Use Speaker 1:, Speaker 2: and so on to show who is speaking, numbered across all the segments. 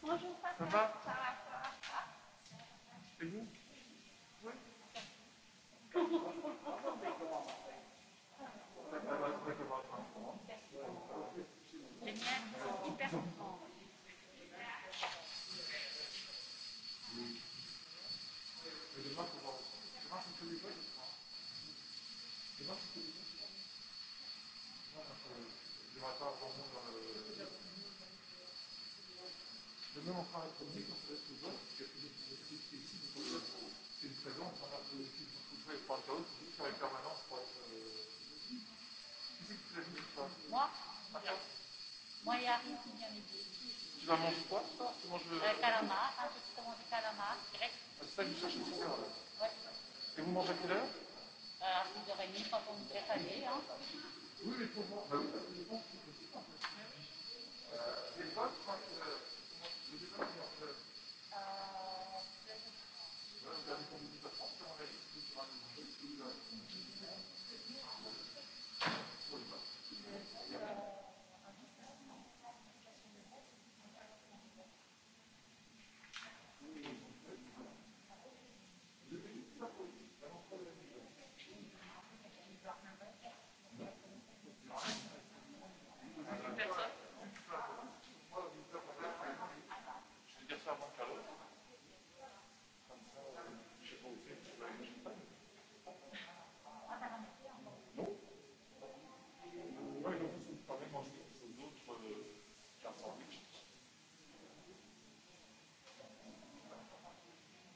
Speaker 1: Bonjour, papa. Ça va, ça va, ça va. communique entre les autres, c'est une présence qu'on a politique pour tout et pour l'autre, qui faire une permanence pour être. Qui toi Moi Moi, il arrive qui vient m'aider. Tu vas manger quoi toi Tu manges le. calamar, un petit de calamar, grec. C'est ça que je cherchais tout à l'heure. Et vous mangez à quelle heure a quand Hein.
Speaker 2: Oui, mais pour moi.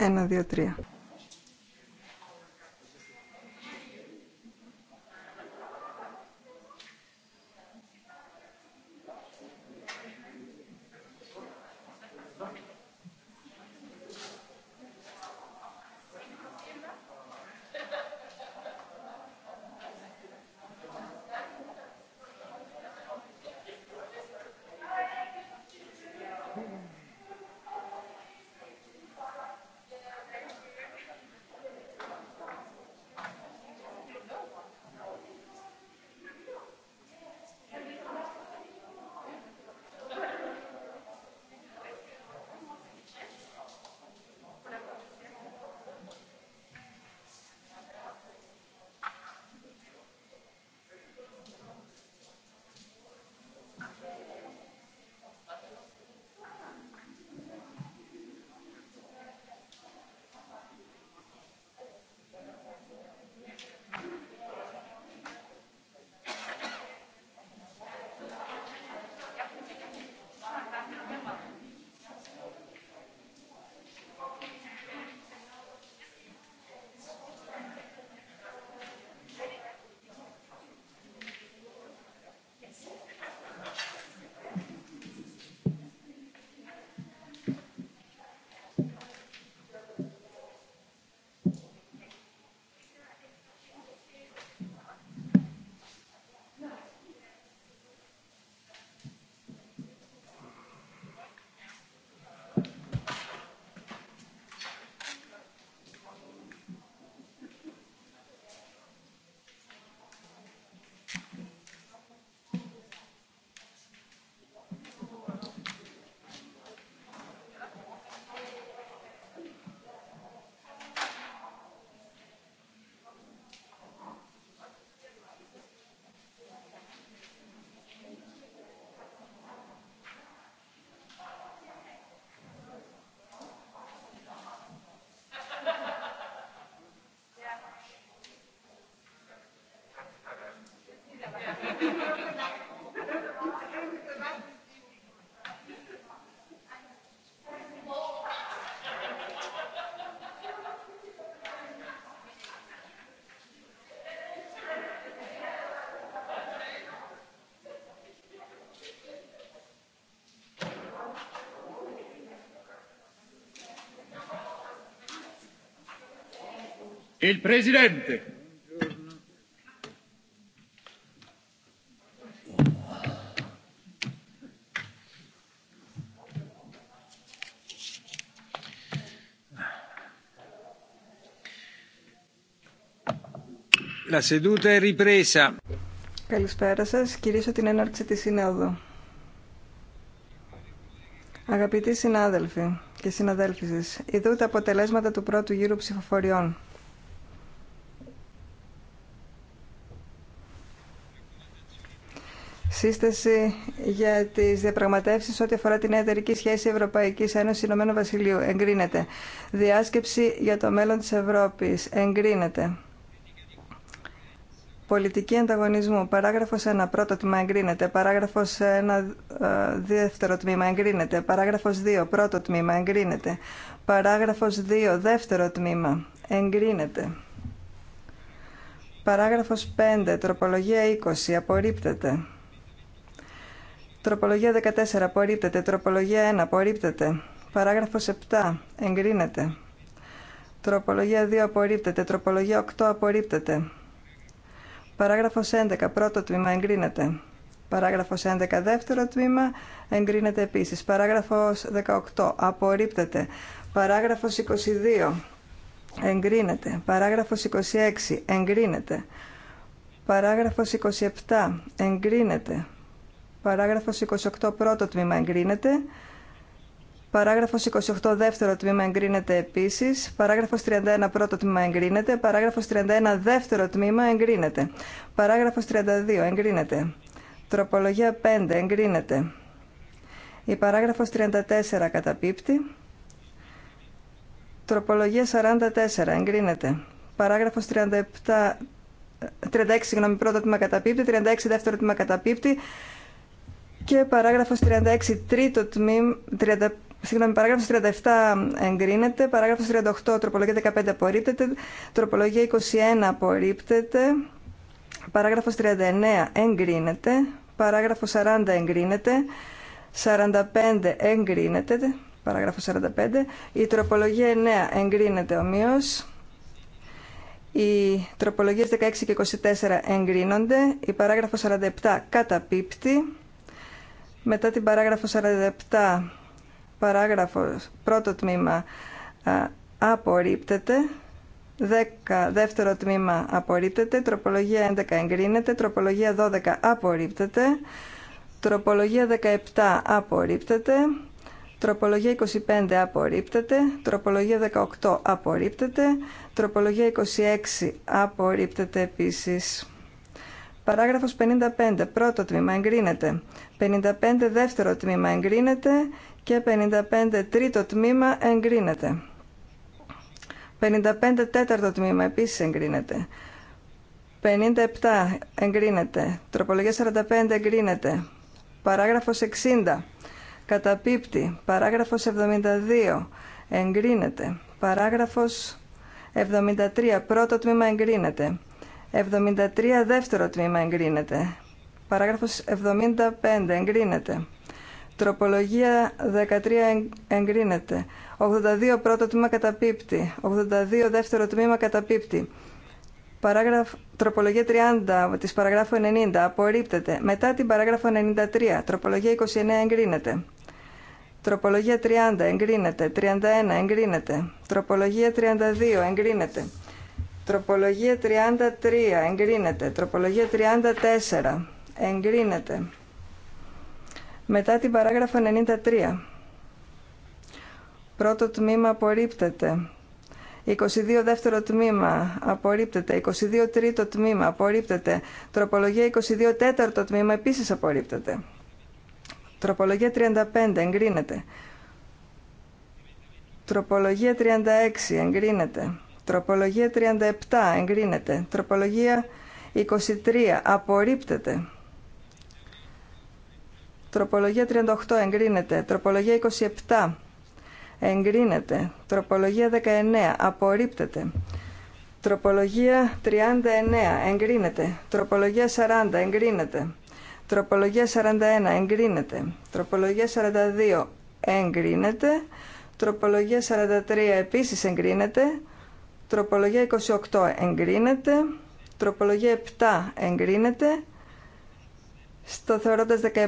Speaker 3: Ένα, δύο, τρία. Καλησπέρα Σα Κυρίσω την έναρξη τη Συνόδου. Αγαπητοί συνάδελφοι και συναδέλφοι σας, ειδού τα αποτελέσματα του πρώτου γύρου ψηφοφοριών. σύσταση για τι διαπραγματεύσει ό,τι αφορά την εταιρική σχέση Ευρωπαϊκή Ένωση Ηνωμένου Βασιλείου. Εγκρίνεται. Διάσκεψη για το μέλλον τη Ευρώπη. Εγκρίνεται. Πολιτική ανταγωνισμού. Παράγραφο 1. Πρώτο τμήμα εγκρίνεται. Παράγραφο 1. Δεύτερο τμήμα εγκρίνεται. Παράγραφο 2. Πρώτο τμήμα εγκρίνεται. Παράγραφο 2. Δεύτερο τμήμα εγκρίνεται. Παράγραφος 5. Τροπολογία 20. Απορρίπτεται. Τροπολογία 14. Απορρίπτεται. Τροπολογία 1. Απορρίπτεται. Παράγραφος 7. Εγκρίνεται. Τροπολογία 2. Απορρίπτεται. Τροπολογία 8. Απορρίπτεται. Παράγραφος 11. Πρώτο τμήμα. Εγκρίνεται. Παράγραφος 11. Δεύτερο τμήμα. Εγκρίνεται επίσης. Παράγραφος 18. Απορρίπτεται. Παράγραφος 22. Εγκρίνεται. Παράγραφος 26. Εγκρίνεται. Παράγραφος 27. Εγκρίνεται. Παράγραφος 28 πρώτο τμήμα εγκρίνεται. Παράγραφος 28 δεύτερο τμήμα εγκρίνεται επίσης. Παράγραφος 31 πρώτο τμήμα εγκρίνεται. Παράγραφος 31 δεύτερο τμήμα εγκρίνεται. Παράγραφος 32 εγκρίνεται. Τροπολογία 5 εγκρίνεται. Η παράγραφος 34 καταπίπτει. Τροπολογία 44 εγκρίνεται. Παράγραφος 37, 36 συγγνώμη πρώτο τμήμα καταπίπτει. 36 δεύτερο τμήμα καταπίπτει. Και παράγραφος 36, τρίτο τμήμα, 30, συγγνώμη, παράγραφος 37 εγκρίνεται, παράγραφος 38, τροπολογία 15 απορρίπτεται, τροπολογία 21 απορρίπτεται, παράγραφο 39 εγκρίνεται, παράγραφος 40 εγκρίνεται, 45 εγκρίνεται, παράγραφος 45, η τροπολογία 9 εγκρίνεται ομοίω. οι τροπολογίες 16 και 24 εγκρίνονται, η παράγραφο 47 καταπίπτει, μετά την παράγραφο 47, παράγραφο πρώτο τμήμα απορρίπτεται. 10, δεύτερο τμήμα απορρίπτεται, τροπολογία 11 εγκρίνεται, τροπολογία 12 απορρίπτεται, τροπολογία 17 απορρίπτεται, τροπολογία 25 απορρίπτεται, τροπολογία 18 απορρίπτεται, τροπολογία 26 απορρίπτεται επίσης. Παράγραφος 55. Πρώτο τμήμα εγκρίνεται. 55 δεύτερο τμήμα εγκρίνεται. Και 55 τρίτο τμήμα εγκρίνεται. 55 τέταρτο τμήμα επίσης εγκρίνεται. 57 εγκρίνεται. Τροπολογία 45 εγκρίνεται. Παράγραφος 60. Καταπίπτει. Παράγραφος 72. Εγκρίνεται. Παράγραφος 73. Πρώτο τμήμα εγκρίνεται. 73 δεύτερο τμήμα εγκρίνεται. Παράγραφος 75 εγκρίνεται. Τροπολογία 13 εγκρίνεται. 82 πρώτο τμήμα καταπίπτει. 82 δεύτερο τμήμα καταπίπτει. Παράγραφ, τροπολογία 30 της παραγράφου 90 απορρίπτεται. Μετά την παράγραφο 93 τροπολογία 29 εγκρίνεται. Τροπολογία 30 εγκρίνεται. 31 εγκρίνεται. Τροπολογία 32 εγκρίνεται. Τροπολογία 33 εγκρίνεται. Τροπολογία 34 εγκρίνεται. Μετά την παράγραφο 93. Πρώτο τμήμα απορρίπτεται. 22 δεύτερο τμήμα απορρίπτεται. 22 τρίτο τμήμα απορρίπτεται. Τροπολογία 22 τέταρτο τμήμα επίσης απορρίπτεται. Τροπολογία 35 εγκρίνεται. Τροπολογία 36 εγκρίνεται. Τροπολογία 37 εγκρίνεται. Τροπολογία 23 απορρίπτεται. Τροπολογία 38 εγκρίνεται. Τροπολογία 27 εγκρίνεται. Τροπολογία 19 απορρίπτεται. Τροπολογία 39 εγκρίνεται. Τροπολογία 40 εγκρίνεται. Τροπολογία 41 εγκρίνεται. Τροπολογία 42 εγκρίνεται. Τροπολογία 43 επίσης εγκρίνεται. Τροπολογία 28 εγκρίνεται. Τροπολογία 7 εγκρίνεται. Στο θεωρώντα 17 ε,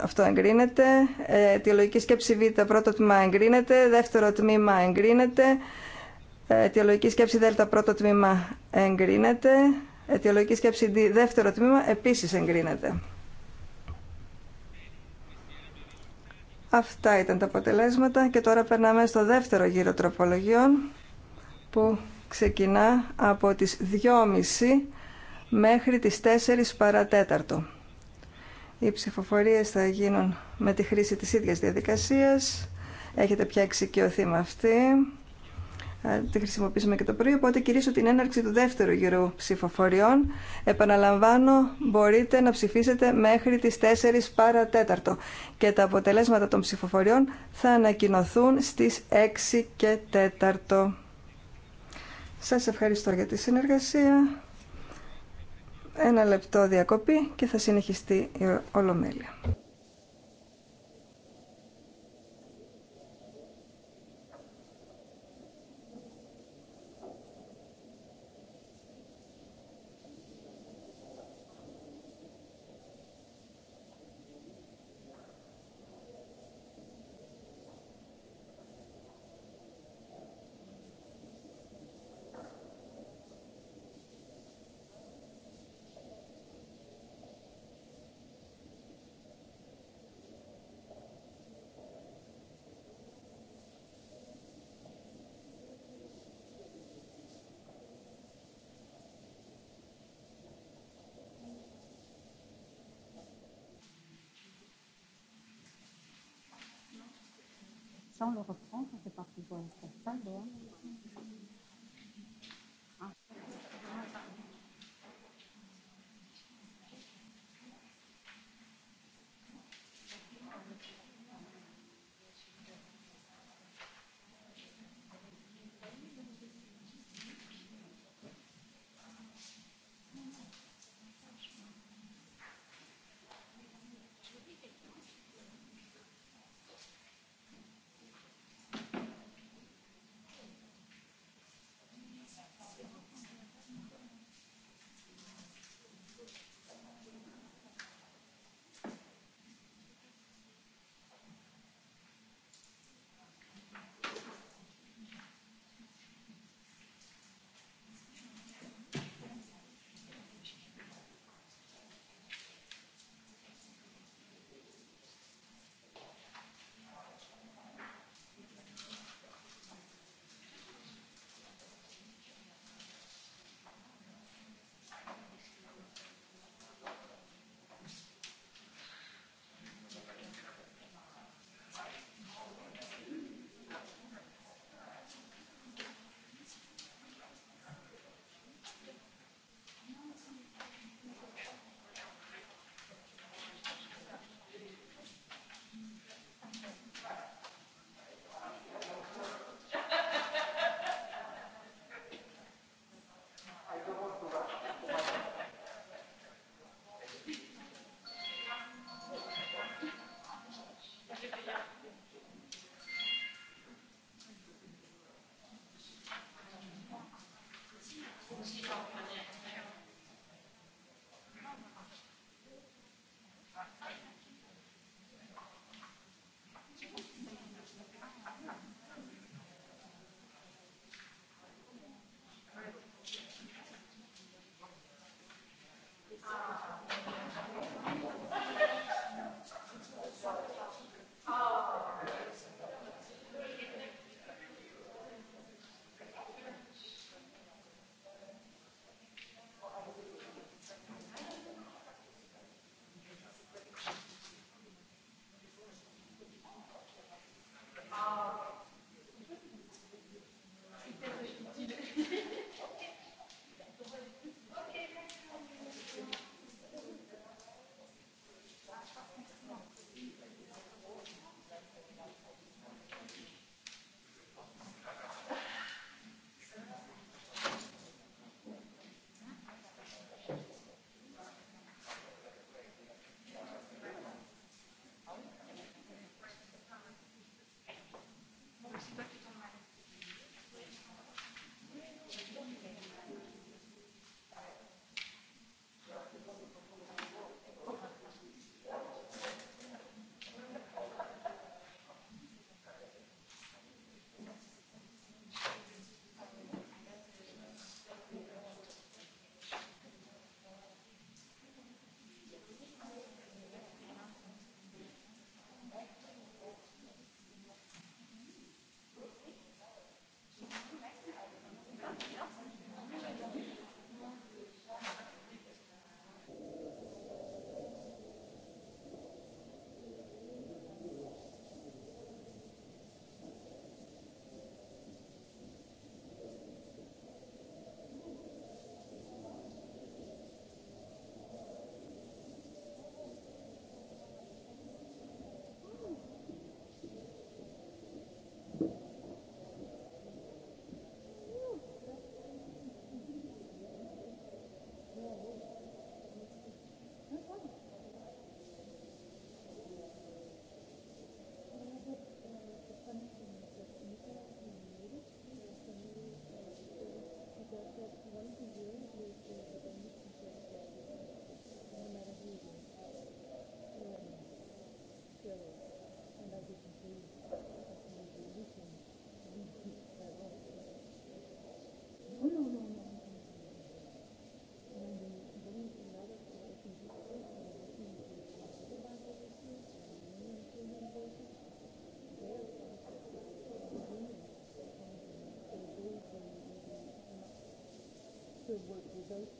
Speaker 3: αυτό εγκρίνεται. Ε, τη σκέψη Β πρώτο τμήμα εγκρίνεται. Δεύτερο τμήμα εγκρίνεται. Ε, τη σκέψη Δ πρώτο τμήμα εγκρίνεται. Ε, τη σκέψη Δ δεύτερο τμήμα επίση εγκρίνεται. Αυτά ήταν τα αποτελέσματα και τώρα περνάμε στο δεύτερο γύρο τροπολογιών που ξεκινά από τις 2.30 μέχρι τις 4 παρατέταρτο. Οι ψηφοφορίες θα γίνουν με τη χρήση της ίδιας διαδικασίας. Έχετε πια εξοικειωθεί με αυτή. Τη χρησιμοποιήσαμε και το πρωί, οπότε κηρύσω την έναρξη του δεύτερου γύρου ψηφοφοριών. Επαναλαμβάνω, μπορείτε να ψηφίσετε μέχρι τις 4 παρατέταρτο και τα αποτελέσματα των ψηφοφοριών θα ανακοινωθούν στις 6 και 4. Σας ευχαριστώ για τη συνεργασία. Ένα λεπτό διακοπή και θα συνεχιστεί η Ολομέλεια.
Speaker 1: sans le reprend, ça fait partie de Υπότιτλοι AUTHORWAVE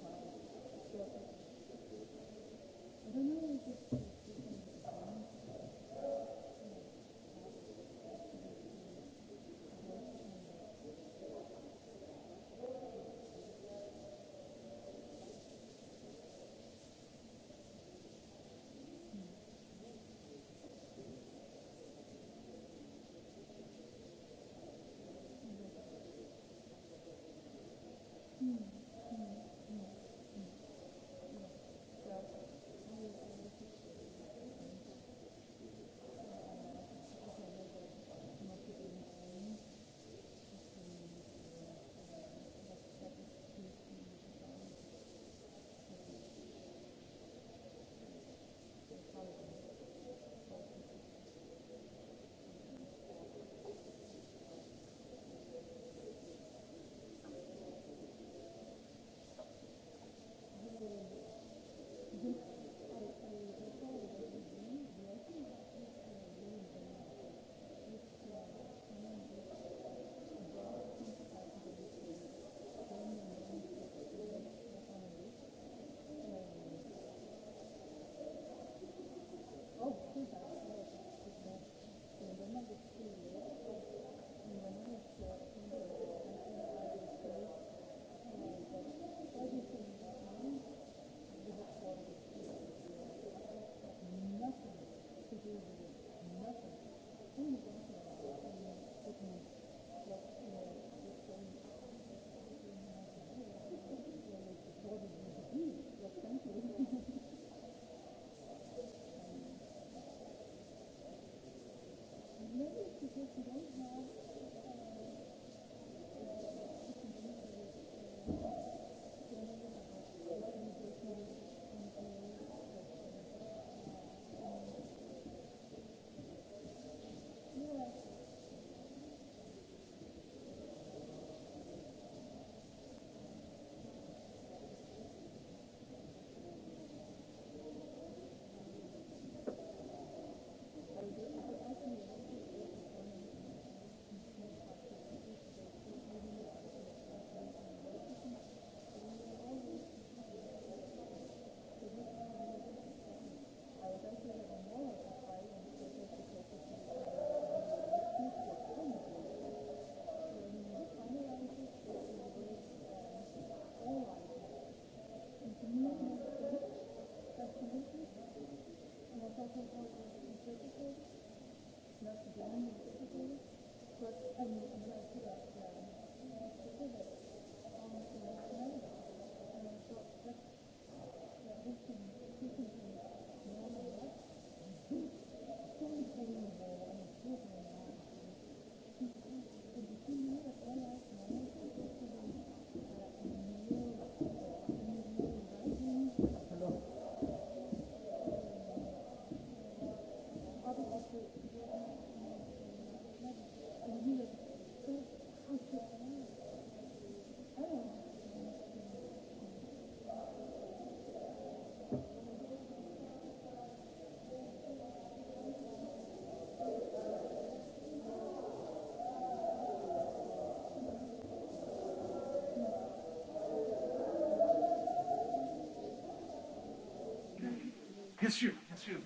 Speaker 1: sûr, bien sûr.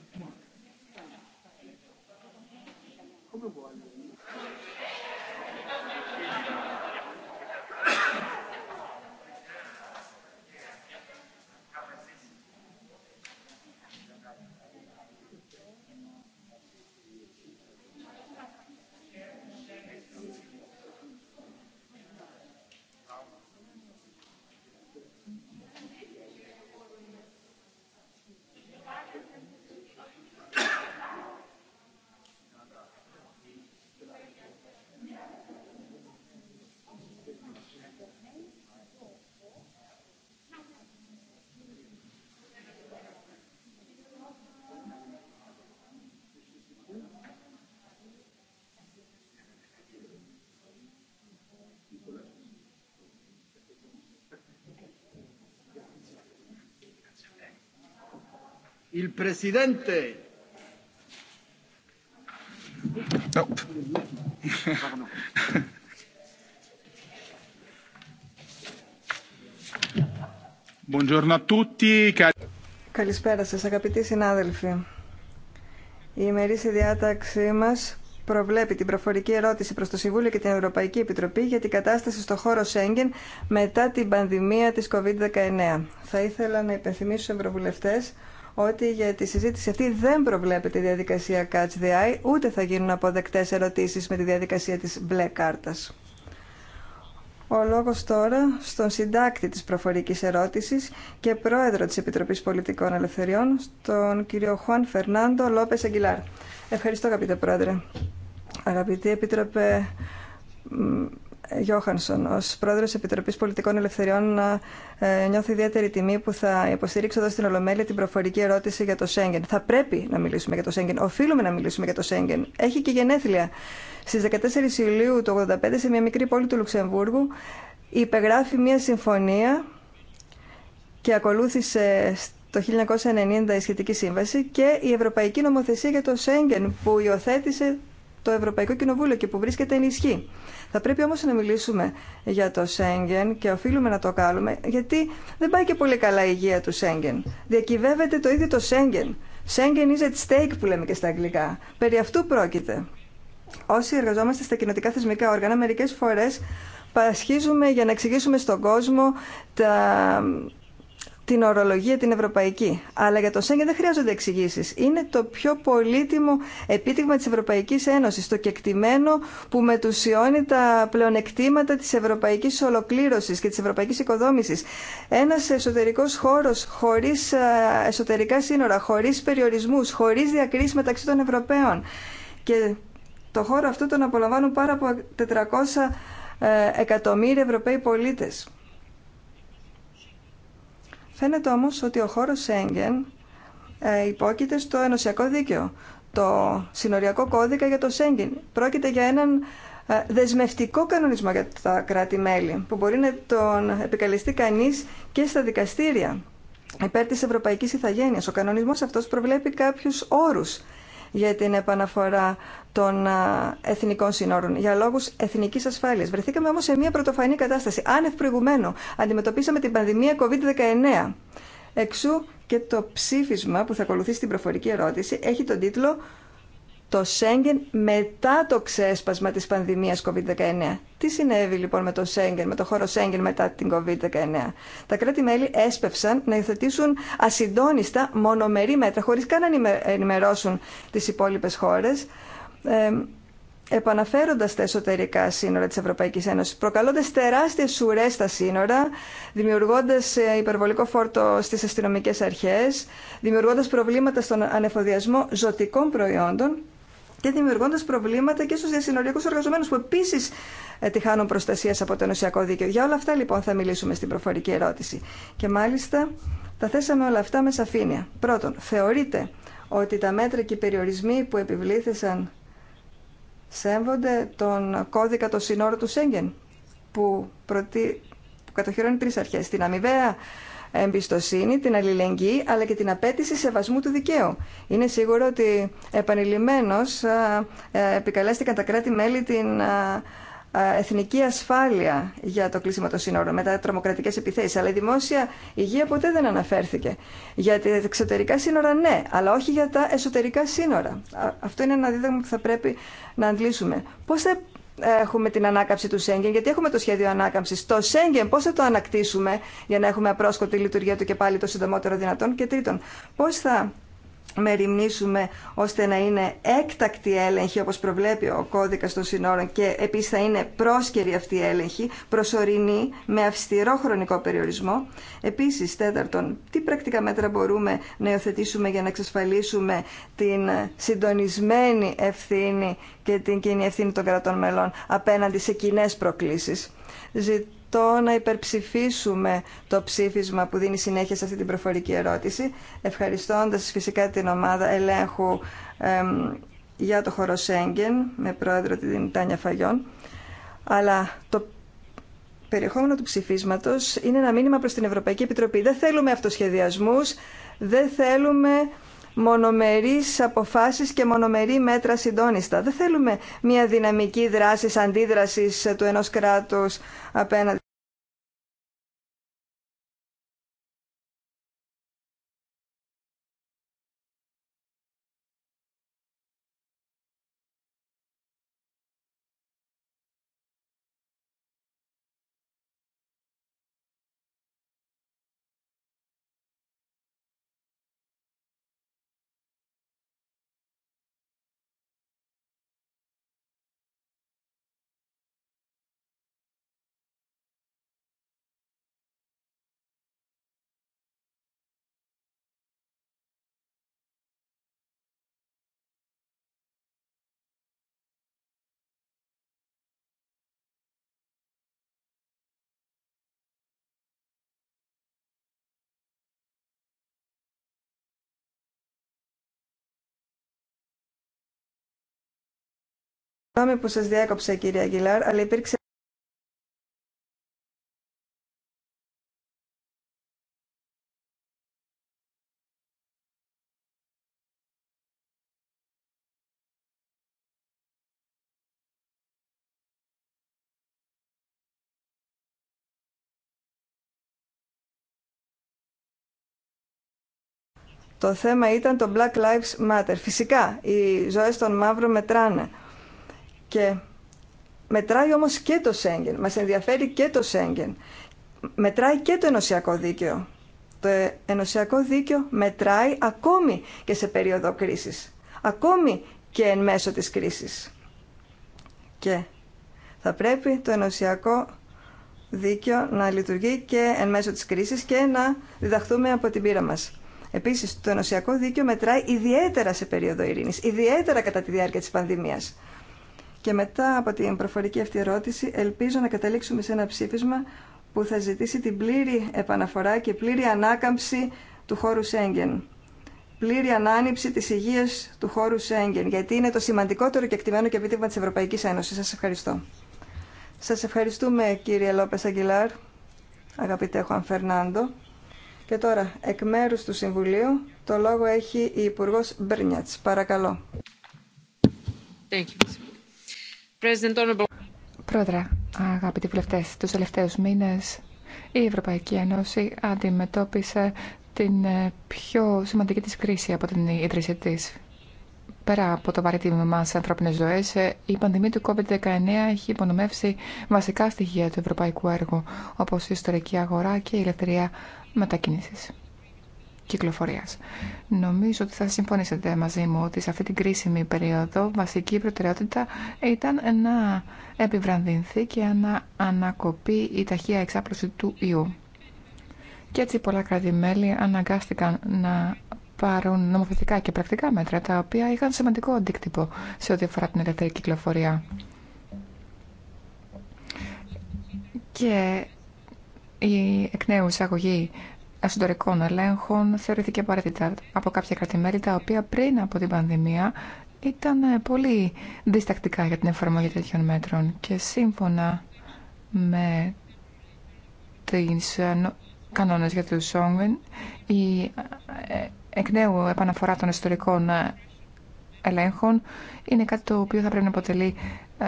Speaker 3: Καλησπέρα σας αγαπητοί συνάδελφοι. Η ημερήσια διάταξή μας προβλέπει την προφορική ερώτηση προς το Συμβούλιο και την Ευρωπαϊκή Επιτροπή για την κατάσταση στο χώρο Σέγγεν μετά την πανδημία της COVID-19. Θα ήθελα να υπενθυμίσω στους Ευρωβουλευτές ότι για τη συζήτηση αυτή δεν προβλέπεται η διαδικασία Catch the Eye, ούτε θα γίνουν αποδεκτές ερωτήσεις με τη διαδικασία της μπλε κάρτας. Ο λόγος τώρα στον συντάκτη της προφορικής ερώτησης και πρόεδρο της Επιτροπής Πολιτικών Ελευθεριών, τον κύριο Χουάν Φερνάντο Λόπες Αγγιλάρ. Ευχαριστώ αγαπητέ πρόεδρε. Αγαπητή Επίτροπε Γιώχανσον, ω πρόεδρο τη Επιτροπή Πολιτικών Ελευθεριών, ε, νιώθω ιδιαίτερη τιμή που θα υποστηρίξω εδώ στην Ολομέλεια την προφορική ερώτηση για το Σέγγεν. Θα πρέπει να μιλήσουμε για το Σέγγεν. Οφείλουμε να μιλήσουμε για το Σέγγεν. Έχει και γενέθλια. Στι 14 Ιουλίου του 1985, σε μια μικρή πόλη του Λουξεμβούργου, υπεγράφει μια συμφωνία και ακολούθησε το 1990 η σχετική σύμβαση και η Ευρωπαϊκή Νομοθεσία για το Σέγγεν που υιοθέτησε το Ευρωπαϊκό Κοινοβούλιο και που βρίσκεται ισχύ. Θα πρέπει όμως να μιλήσουμε για το Σέγγεν και οφείλουμε να το κάνουμε γιατί δεν πάει και πολύ καλά η υγεία του Σέγγεν. Διακυβεύεται το ίδιο το Σέγγεν. Σέγγεν is at stake που λέμε και στα αγγλικά. Περί αυτού πρόκειται. Όσοι εργαζόμαστε στα κοινοτικά θεσμικά όργανα μερικές φορές πασχίζουμε για να εξηγήσουμε στον κόσμο τα την ορολογία την ευρωπαϊκή. Αλλά για το Σέγγεν δεν χρειάζονται εξηγήσει. Είναι το πιο πολύτιμο επίτευγμα τη Ευρωπαϊκή Ένωση. Το κεκτημένο που μετουσιώνει τα πλεονεκτήματα τη ευρωπαϊκή ολοκλήρωση και τη ευρωπαϊκή οικοδόμηση. Ένα εσωτερικό χώρο χωρί ε, εσωτερικά σύνορα, χωρί περιορισμού, χωρί διακρίσει μεταξύ των Ευρωπαίων. Και το χώρο αυτό τον απολαμβάνουν πάρα από 400 ε, εκατομμύρια Ευρωπαίοι πολίτες. Φαίνεται όμως ότι ο χώρος Σέγγεν ε, υπόκειται στο ενωσιακό δίκαιο, το συνοριακό κώδικα για το Σέγγεν. Πρόκειται για έναν ε, δεσμευτικό κανονισμό για τα κράτη-μέλη, που μπορεί να τον επικαλεστεί κανείς και στα δικαστήρια υπέρ της ευρωπαϊκής Ιθαγένειας. Ο κανονισμός αυτός προβλέπει κάποιους όρους για την επαναφορά των εθνικών συνόρων για λόγου εθνική ασφάλεια. Βρεθήκαμε όμω σε μια πρωτοφανή κατάσταση, άνευ προηγουμένου. Αντιμετωπίσαμε την πανδημία COVID-19. Εξού και το ψήφισμα που θα ακολουθήσει την προφορική ερώτηση έχει τον τίτλο το Σέγγεν μετά το ξέσπασμα της πανδημίας COVID-19. Τι συνέβη λοιπόν με το Σέγγεν, με το χώρο Σέγγεν μετά την COVID-19. Τα κράτη-μέλη έσπευσαν να υιοθετήσουν ασυντόνιστα μονομερή μέτρα, χωρίς καν να ενημερώσουν τις υπόλοιπες χώρες, ε, επαναφέροντας τα εσωτερικά σύνορα της Ευρωπαϊκής Ένωσης, προκαλώντας τεράστιες σουρές στα σύνορα, δημιουργώντας ε, υπερβολικό φόρτο στις αστυνομικές αρχές, δημιουργώντας προβλήματα στον ανεφοδιασμό ζωτικών προϊόντων και δημιουργώντα προβλήματα και στου διασυνοριακού εργαζομένου που επίση ε, τη χάνουν προστασία από το ενωσιακό δίκαιο. Για όλα αυτά λοιπόν θα μιλήσουμε στην προφορική ερώτηση. Και μάλιστα τα θέσαμε όλα αυτά με σαφήνεια. Πρώτον, θεωρείτε ότι τα μέτρα και οι περιορισμοί που επιβλήθησαν σέβονται τον κώδικα των συνόρων του Σέγγεν που, προτι... που κατοχυρώνει τρεις αρχές. Την αμοιβαία εμπιστοσύνη, την αλληλεγγύη αλλά και την απέτηση σεβασμού του δικαίου. Είναι σίγουρο ότι επανειλημμένως ε, επικαλέστηκαν τα κράτη-μέλη την εθνική ασφάλεια για το κλείσιμο των σύνορων μετά τρομοκρατικέ επιθέσει. Αλλά η δημόσια υγεία ποτέ δεν αναφέρθηκε. Για τα εξωτερικά σύνορα ναι, αλλά όχι για τα εσωτερικά σύνορα. Αυτό είναι ένα δίδαγμα που θα πρέπει να αντλήσουμε έχουμε την ανάκαμψη του Σέγγεν, γιατί έχουμε το σχέδιο ανάκαμψη. Το Σέγγεν πώ θα το ανακτήσουμε για να έχουμε απρόσκοπτη λειτουργία του και πάλι το συντομότερο δυνατόν. Και τρίτον, πώ θα μεριμνήσουμε ώστε να είναι έκτακτη έλεγχη όπως προβλέπει ο κώδικας των συνόρων και επίσης θα είναι πρόσκαιρη αυτή η έλεγχη, προσωρινή, με αυστηρό χρονικό περιορισμό. Επίσης, τέταρτον, τι πρακτικά μέτρα μπορούμε να υιοθετήσουμε για να εξασφαλίσουμε την συντονισμένη ευθύνη και την κοινή ευθύνη των κρατών μελών απέναντι σε κοινέ προκλήσεις αυτό να υπερψηφίσουμε το ψήφισμα που δίνει συνέχεια σε αυτή την προφορική ερώτηση, ευχαριστώντας φυσικά την ομάδα ελέγχου για το χώρο Σέγγεν, με πρόεδρο την Τάνια Φαγιόν. Αλλά το περιεχόμενο του ψηφίσματος είναι ένα μήνυμα προς την Ευρωπαϊκή Επιτροπή. Δεν θέλουμε αυτοσχεδιασμούς, δεν θέλουμε μονομερείς αποφάσεις και μονομερή μέτρα συντόνιστα. Δεν θέλουμε μια δυναμική δράση αντίδρασης του ενός κράτους απέναντι
Speaker 1: Συγγνώμη που σας διάκοψα, κύριε Αγγιλάρ, αλλά υπήρξε
Speaker 3: Το θέμα ήταν το Black Lives Matter. Φυσικά, οι ζωές των μαύρων μετράνε. Και μετράει όμως και το Σέγγεν, μας ενδιαφέρει και το Σέγγεν. Μετράει και το ενωσιακό δίκαιο. Το ενωσιακό δίκαιο μετράει ακόμη και σε περίοδο κρίσης. Ακόμη και εν μέσω της κρίσης. Και θα πρέπει το ενωσιακό δίκαιο να λειτουργεί και εν μέσω της κρίσης και να διδαχθούμε από την πείρα μας. Επίσης, το ενωσιακό δίκαιο μετράει ιδιαίτερα σε περίοδο ειρήνης, ιδιαίτερα κατά τη διάρκεια της πανδημίας. Και μετά από την προφορική αυτή ερώτηση, ελπίζω να καταλήξουμε σε ένα ψήφισμα που θα ζητήσει την πλήρη επαναφορά και πλήρη ανάκαμψη του χώρου Σέγγεν. Πλήρη ανάνυψη τη υγεία του χώρου Σέγγεν, γιατί είναι το σημαντικότερο και εκτιμένο και επίτευγμα τη Ευρωπαϊκή Ένωση. Σα ευχαριστώ. Σα ευχαριστούμε κύριε Λόπε Αγγιλάρ, αγαπητέ Χωάν Φερνάντο. Και τώρα, εκ μέρου του Συμβουλίου, το λόγο έχει η Υπουργό Παρακαλώ. Πρόεδρε, αγαπητοί
Speaker 4: βουλευτέ, του τελευταίου μήνε η Ευρωπαϊκή Ένωση αντιμετώπισε την ε, πιο σημαντική της κρίση από την ίδρυση της. Πέρα από το βαρύ τίμημα μα σε ανθρώπινε ζωέ, ε, η πανδημία του COVID-19 έχει υπονομεύσει βασικά στοιχεία του ευρωπαϊκού έργου, όπω η ιστορική αγορά και η ελευθερία μετακίνηση κυκλοφορίας. Νομίζω ότι θα συμφωνήσετε μαζί μου ότι σε αυτή την κρίσιμη περίοδο βασική προτεραιότητα ήταν να επιβραδυνθεί και να ανακοπεί η ταχεία εξάπλωση του ιού. Και έτσι πολλά κράτη-μέλη αναγκάστηκαν να πάρουν νομοθετικά και πρακτικά μέτρα τα οποία είχαν σημαντικό αντίκτυπο σε ό,τι αφορά την ελεύθερη κυκλοφορία. Και η εκ νέου εισαγωγή εσωτερικών ελέγχων θεωρήθηκε απαραίτητα από κάποια κρατημέλη τα οποία πριν από την πανδημία ήταν ε, πολύ διστακτικά για την εφαρμογή τέτοιων μέτρων και σύμφωνα με τις ε, κανόνες για τους Σόγγεν η ε, εκ νέου επαναφορά των ιστορικών ελέγχων είναι κάτι το οποίο θα πρέπει να αποτελεί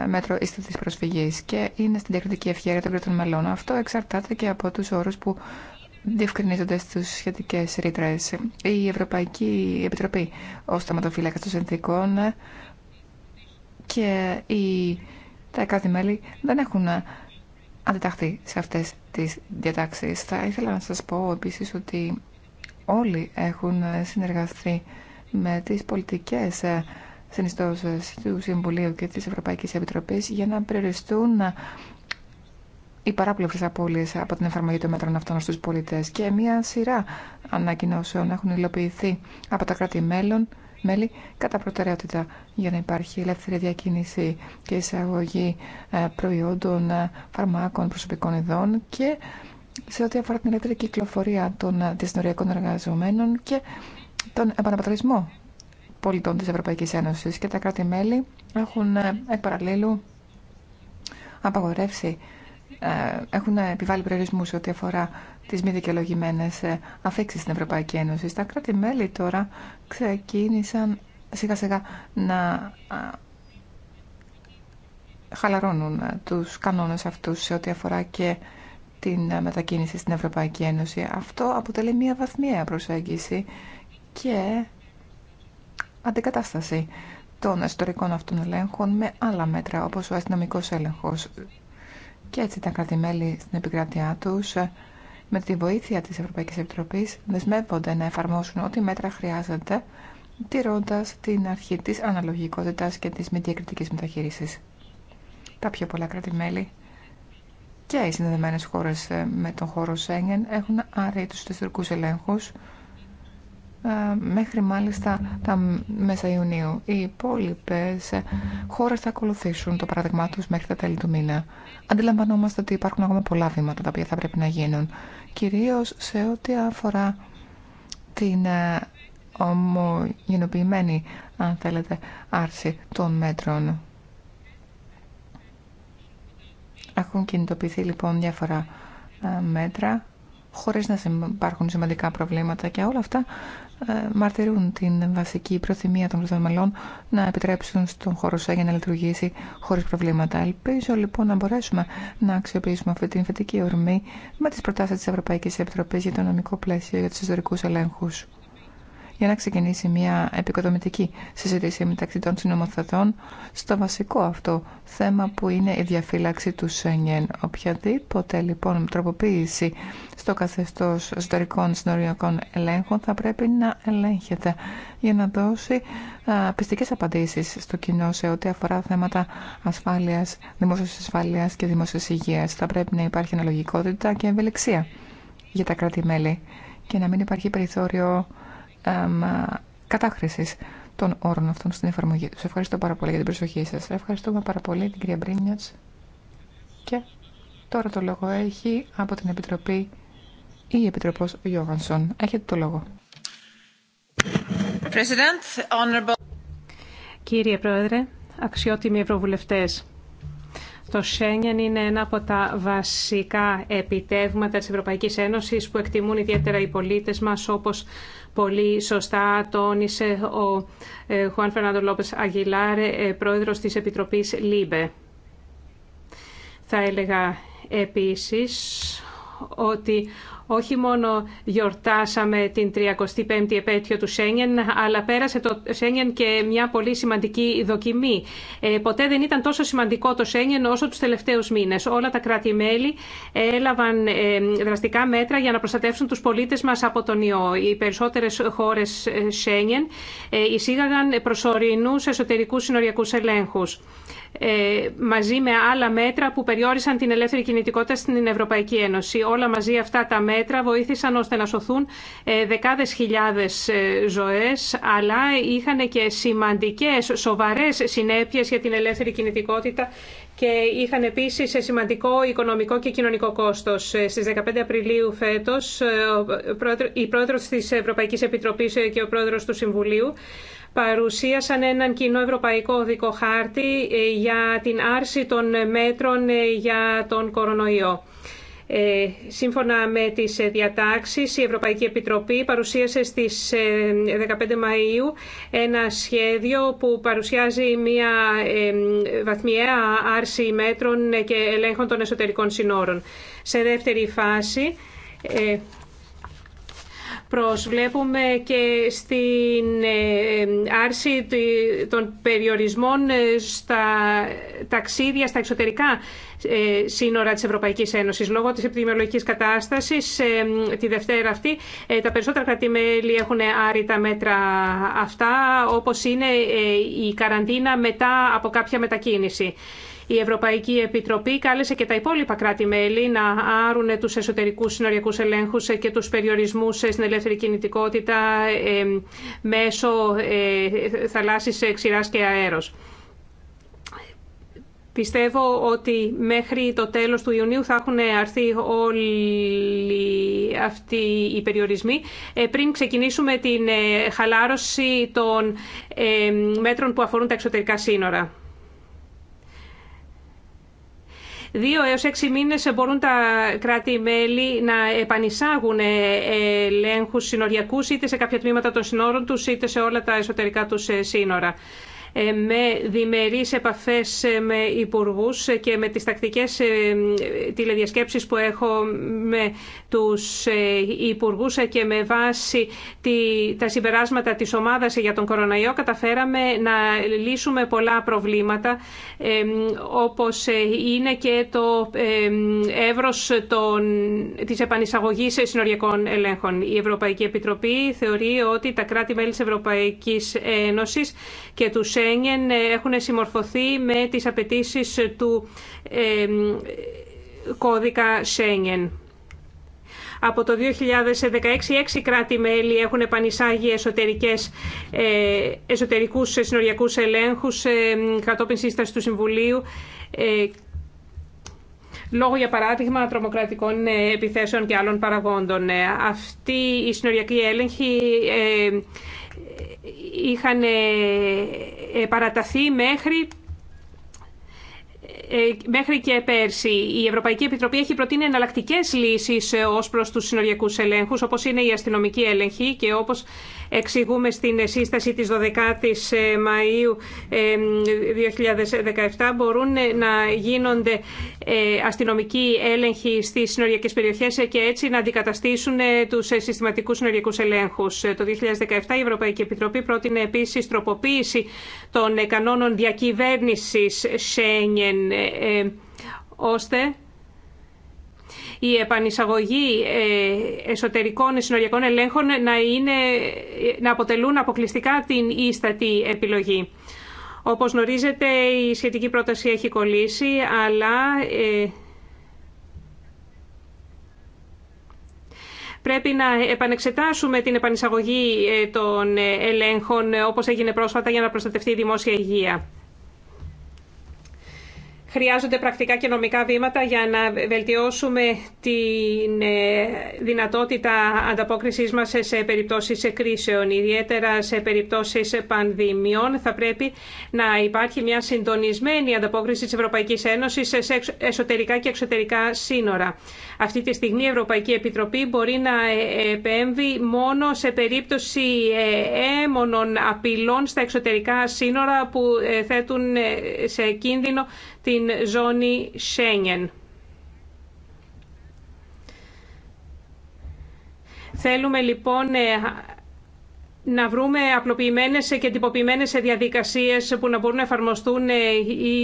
Speaker 4: μέτρο ίστη τη προσφυγή και είναι στην διακριτική ευχαίρεια των κρατών μελών. Αυτό εξαρτάται και από του όρου που διευκρινίζονται του σχετικές ρήτρες. Η Ευρωπαϊκή Επιτροπή ως θεματοφύλακα των συνθήκων και οι, τα κάθε μέλη δεν έχουν αντιταχθεί σε αυτές τις διατάξεις. Θα ήθελα να σας πω επίσης ότι όλοι έχουν συνεργαστεί με τις πολιτικές συνιστώσεις του Συμβουλίου και της Ευρωπαϊκής Επιτροπής για να περιοριστούν οι παράπλευρες απώλειες από την εφαρμογή των μέτρων αυτών στους πολίτες και μια σειρά ανακοινώσεων έχουν υλοποιηθεί από τα κράτη μέλη κατά προτεραιότητα για να υπάρχει ελεύθερη διακίνηση και εισαγωγή ε, προϊόντων, ε, φαρμάκων, προσωπικών ειδών και σε ό,τι αφορά την ελεύθερη κυκλοφορία των ε, δυσνοριακών εργαζομένων και τον επαναπατρισμό πολιτών της Ευρωπαϊκής Ένωσης και τα κράτη-μέλη έχουν εκ παραλλήλου απαγορεύσει ε, έχουν επιβάλει περιορισμού ό,τι αφορά τι μη δικαιολογημένε ε, αφήξει στην Ευρωπαϊκή Ένωση. Τα κράτη-μέλη τώρα ξεκίνησαν σιγά-σιγά να χαλαρώνουν ε, τους κανόνες αυτούς σε ό,τι αφορά και την μετακίνηση στην Ευρωπαϊκή Ένωση. Αυτό αποτελεί μια βαθμιαία προσέγγιση και αντικατάσταση των εσωτερικών αυτών ελέγχων με άλλα μέτρα όπως ο αστυνομικός έλεγχος και έτσι τα κρατημέλη στην επικράτειά τους με τη βοήθεια της Ευρωπαϊκής Επιτροπής δεσμεύονται να εφαρμόσουν ό,τι μέτρα χρειάζεται τηρώντας την αρχή της αναλογικότητας και της μη διακριτικής μεταχείρισης. Τα πιο πολλά και οι συνδεδεμένες χώρες ε, με τον χώρο Σέγγεν έχουν άρει τους ελέγχους ε, μέχρι μάλιστα τα μέσα Ιουνίου. Οι υπόλοιπε χώρε θα ακολουθήσουν το παράδειγμά του μέχρι τα τέλη του μήνα. Αντιλαμβανόμαστε ότι υπάρχουν ακόμα πολλά βήματα τα οποία θα πρέπει να γίνουν, κυρίω σε ό,τι αφορά την ε, ομογενοποιημένη, αν θέλετε, άρση των μέτρων. Έχουν κινητοποιηθεί λοιπόν διάφορα ε, μέτρα χωρίς να υπάρχουν σημαντικά προβλήματα και όλα αυτά ε, μαρτυρούν την βασική προθυμία των κρατών να επιτρέψουν στον χώρο ΣΕ για να λειτουργήσει χωρίς προβλήματα. Ελπίζω λοιπόν να μπορέσουμε να αξιοποιήσουμε αυτή την θετική ορμή με τις προτάσεις της Ευρωπαϊκής Επιτροπής για το νομικό πλαίσιο για τους ιστορικούς ελέγχους για να ξεκινήσει μια επικοδομητική συζήτηση μεταξύ των συνομοθετών στο βασικό αυτό θέμα που είναι η διαφύλαξη του Σενιέν. Οποιαδήποτε λοιπόν τροποποίηση στο καθεστώς εσωτερικών συνοριακών ελέγχων θα πρέπει να ελέγχεται για να δώσει πιστικές απαντήσεις στο κοινό σε ό,τι αφορά θέματα ασφάλειας, δημόσιας ασφάλειας και δημόσιας υγείας. Θα πρέπει να υπάρχει αναλογικότητα και ευελιξία για τα κράτη-μέλη και να μην υπάρχει περιθώριο κατάχρησης των όρων αυτών στην εφαρμογή τους. Ευχαριστώ πάρα πολύ για την προσοχή σας. Ευχαριστούμε πάρα πολύ την κυρία Μπρίνιατς. Και τώρα το λόγο έχει από την Επιτροπή η Επιτροπός Γιώγανσον. Έχετε το λόγο.
Speaker 2: Κύριε Πρόεδρε, αξιότιμοι Ευρωβουλευτές, το Σένιαν είναι ένα από τα βασικά επιτεύγματα της Ευρωπαϊκής Ένωσης που εκτιμούν ιδιαίτερα οι πολίτες μας όπως πολύ σωστά τόνισε ο ε, Χουάν Φερνάντο Λόπες Αγγιλάρ, ε, πρόεδρος της Επιτροπής ΛΥΜΠΕ. Θα έλεγα επίσης ότι όχι μόνο γιορτάσαμε την 35η επέτειο του Σέγγεν, αλλά πέρασε το Σέγγεν και μια πολύ σημαντική δοκιμή. Ε, ποτέ δεν ήταν τόσο σημαντικό το Σέγγεν όσο τους τελευταίους μήνες. Όλα τα κράτη-μέλη έλαβαν ε, δραστικά μέτρα για να προστατεύσουν τους πολίτες μας από τον ιό. Οι περισσότερες χώρες ε, Σέγγεν ε, εισήγαγαν προσωρινούς εσωτερικούς συνοριακούς ελέγχους. Ε, μαζί με άλλα μέτρα που περιόρισαν την ελεύθερη κινητικότητα στην Ευρωπαϊκή Ένωση. Όλα μαζί αυτά τα μέτρα βοήθησαν ώστε να σωθούν ε, δεκάδες χιλιάδες ε, ζωές, αλλά είχαν και σημαντικές, σοβαρές συνέπειες για την ελεύθερη κινητικότητα και είχαν επίσης σημαντικό οικονομικό και κοινωνικό κόστος. Στις 15 Απριλίου φέτος, η πρόεδρος της Ευρωπαϊκής Επιτροπής και ο πρόεδρος του Συμβουλίου παρουσίασαν έναν κοινό ευρωπαϊκό οδικό ε, για την άρση των μέτρων ε, για τον κορονοϊό. Ε, σύμφωνα με τις διατάξεις, η Ευρωπαϊκή Επιτροπή παρουσίασε στις 15 Μαΐου ένα σχέδιο που παρουσιάζει μια βαθμιαία άρση μέτρων και ελέγχων των εσωτερικών συνόρων. Σε δεύτερη φάση Προσβλέπουμε και στην ε, ε, άρση των περιορισμών ε, στα ταξίδια, στα εξωτερικά σύνορα της Ευρωπαϊκής Ένωσης. Λόγω της επιδημιολογικής κατάστασης τη Δευτέρα αυτή τα περισσότερα κρατημέλη έχουν άρει τα μέτρα αυτά όπως είναι η καραντίνα μετά από κάποια μετακίνηση. Η Ευρωπαϊκή Επιτροπή κάλεσε και τα υπόλοιπα κράτη-μέλη να άρουν τους εσωτερικούς συνοριακού ελέγχους και τους περιορισμούς στην ελεύθερη κινητικότητα ε, μέσω ε, θαλάσσης ε, ξηρά και αέρος. Πιστεύω ότι μέχρι το τέλος του Ιουνίου θα έχουν αρθεί όλοι αυτοί οι περιορισμοί πριν ξεκινήσουμε την χαλάρωση των μέτρων που αφορούν τα εξωτερικά σύνορα. Δύο έως έξι μήνες μπορούν τα κράτη-μέλη να επανισάγουν ε, ελέγχους συνοριακούς είτε σε κάποια τμήματα των συνόρων τους είτε σε όλα τα εσωτερικά τους ε, σύνορα. Ε, με διμερείς επαφές ε, με υπουργούς και με τις τακτικές ε, τηλεδιασκέψεις που έχω με τους υπουργούς και με βάση τα συμπεράσματα της ομάδας για τον κοροναϊό καταφέραμε να λύσουμε πολλά προβλήματα όπως είναι και το εύρος των, της επανεισαγωγής συνοριακών ελέγχων. Η Ευρωπαϊκή Επιτροπή θεωρεί ότι τα κράτη-μέλη της Ευρωπαϊκής Ένωσης και τους έχουν συμμορφωθεί με τις απαιτήσεις του κώδικα Σέγγεν. Από το 2016, έξι κράτη-μέλη έχουν επανεισάγει εσωτερικές, ε, εσωτερικούς συνοριακούς ελέγχους ε, κατόπιν σύσταση του Συμβουλίου ε, λόγω, για παράδειγμα, τρομοκρατικών επιθέσεων και άλλων παραγόντων. Αυτή η συνοριακή έλεγχη είχαν ε, ε, παραταθεί μέχρι ε, μέχρι και πέρσι. Η Ευρωπαϊκή Επιτροπή έχει προτείνει εναλλακτικέ λύσει ω προ του συνοριακού ελέγχου, όπω είναι η αστυνομική έλεγχη και όπω εξηγούμε στην σύσταση της 12ης ε, Μαΐου 2017 ε, μπορούν ε, να γίνονται αστυνομικοί έλεγχοι στις συνοριακές περιοχές και έτσι να αντικαταστήσουν τους συστηματικούς συνοριακούς ελέγχους. Το 2017 η Ευρωπαϊκή Επιτροπή πρότεινε επίσης τροποποίηση των κανόνων διακυβέρνησης ΣΕΝΙΕΝ, ώστε η επανεισαγωγή ε, εσωτερικών συνοριακών ελέγχων να, είναι, να αποτελούν αποκλειστικά την ίστατη επιλογή. Όπως γνωρίζετε, η σχετική πρόταση έχει κολλήσει, αλλά ε, πρέπει να επανεξετάσουμε την επανεισαγωγή ε, των ελέγχων, όπως έγινε πρόσφατα, για να προστατευτεί η δημόσια υγεία. Χρειάζονται πρακτικά και νομικά βήματα για να βελτιώσουμε τη ε, δυνατότητα ανταπόκρισης μας σε περιπτώσεις κρίσεων, ιδιαίτερα σε περιπτώσεις πανδημιών. Θα πρέπει να υπάρχει μια συντονισμένη ανταπόκριση της Ευρωπαϊκής Ένωσης σε εσωτερικά και εξωτερικά σύνορα. Αυτή τη στιγμή η Ευρωπαϊκή Επιτροπή μπορεί να ε, επέμβει μόνο σε περίπτωση ε, έμονων απειλών στα εξωτερικά σύνορα που θέτουν σε κίνδυνο την ζώνη Σέγγεν. Θέλουμε λοιπόν ε, να βρούμε απλοποιημένε και τυποποιημένε διαδικασίε που να μπορούν να εφαρμοστούν ε,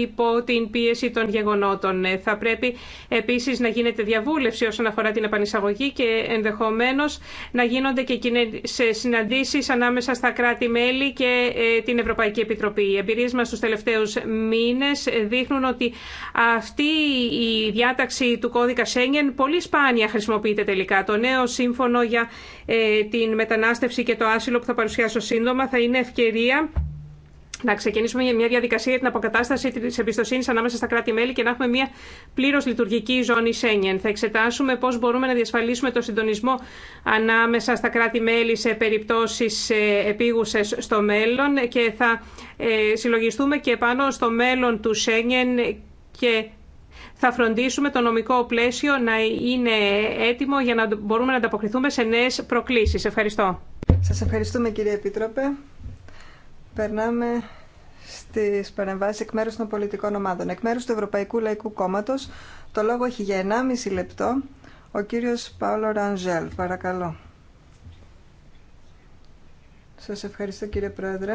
Speaker 2: υπό την πίεση των γεγονότων. Ε, θα πρέπει επίση να γίνεται διαβούλευση όσον αφορά την επανεισαγωγή και ενδεχομένω να γίνονται και συναντήσει συναντήσεις ανάμεσα στα κράτη-μέλη και ε, την Ευρωπαϊκή Επιτροπή. Οι εμπειρίε μα του τελευταίους μήνες δείχνουν ότι αυτή η διάταξη του κώδικα Σέγγεν πολύ σπάνια χρησιμοποιείται τελικά. Το νέο σύμφωνο για την μετανάστευση και το άσυλο θα παρουσιάσω σύντομα θα είναι ευκαιρία να ξεκινήσουμε μια διαδικασία για την αποκατάσταση τη εμπιστοσύνη ανάμεσα στα κράτη-μέλη και να έχουμε μια πλήρω λειτουργική ζώνη Σένιεν. Θα εξετάσουμε πώ μπορούμε να διασφαλίσουμε το συντονισμό ανάμεσα στα κράτη-μέλη σε περιπτώσει ε, επίγουσε στο μέλλον και θα ε, συλλογιστούμε και πάνω στο μέλλον του Σένιεν και θα φροντίσουμε το νομικό πλαίσιο να είναι έτοιμο για να μπορούμε να ανταποκριθούμε σε νέε προκλήσει. Ευχαριστώ.
Speaker 3: Σας ευχαριστούμε κύριε Επίτροπε. Περνάμε στις παρεμβάσεις εκ μέρους των πολιτικών ομάδων. Εκ μέρους του Ευρωπαϊκού Λαϊκού Κόμματος το λόγο έχει για 1,5 λεπτό ο κύριος Παόλο Ραντζέλ. Παρακαλώ. Σας ευχαριστώ κύριε Πρόεδρε.